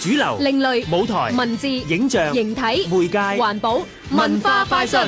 主流、另類舞台、文字、影像、形體、媒介、環保、文化快訊。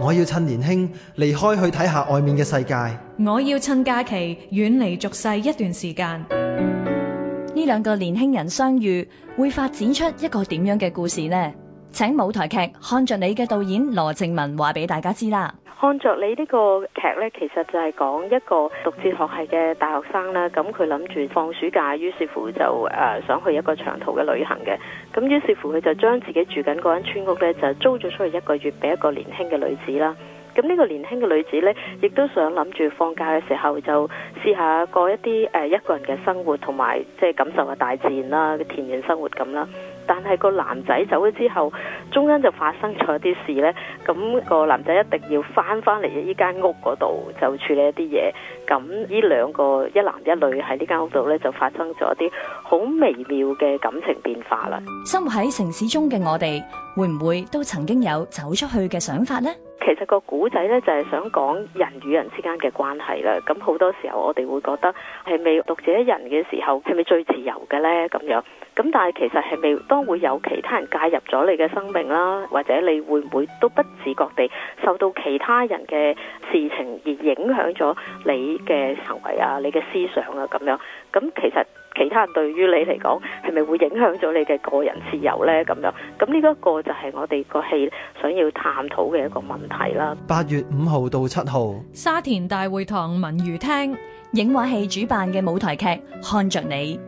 我要趁年輕離開去睇下外面嘅世界。我要趁假期遠離俗世一段時間。呢兩個年輕人相遇，會發展出一個點樣嘅故事呢？請舞台劇《看着你》嘅導演羅靜文話俾大家知啦，《看着你》呢個劇呢，其實就係講一個讀哲學系嘅大學生啦，咁佢諗住放暑假，於是乎就誒想去一個長途嘅旅行嘅，咁於是乎佢就將自己住緊嗰間村屋呢，就租咗出去一個月俾一個年輕嘅女子啦。咁、這、呢個年輕嘅女子呢，亦都想諗住放假嘅時候就試下過一啲誒、呃、一個人嘅生活，同埋即係感受下大自然啦嘅田園生活咁啦。但係個男仔走咗之後，中間就發生咗啲事呢。咁、那個男仔一定要翻翻嚟依間屋嗰度，就處理一啲嘢。咁呢兩個一男一女喺呢間屋度呢，就發生咗啲好微妙嘅感情變化啦。生活喺城市中嘅我哋，會唔會都曾經有走出去嘅想法呢？其實個古仔咧就係想講人與人之間嘅關係啦。咁好多時候我哋會覺得係咪獨自一人嘅時候係咪最自由嘅咧？咁樣咁，但係其實係未當會有其他人介入咗你嘅生命啦，或者你會唔會都不自覺地受到其他人嘅事情而影響咗你嘅行為啊、你嘅思想啊咁樣？咁其實。其他人對於你嚟講係咪會影響咗你嘅個人自由呢？咁樣咁呢一個就係我哋個戲想要探討嘅一個問題啦。八月五號到七號，沙田大會堂文娛廳影畫戲主辦嘅舞台劇《看着你》，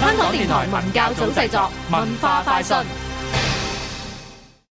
香港電台文教組製作文化快訊。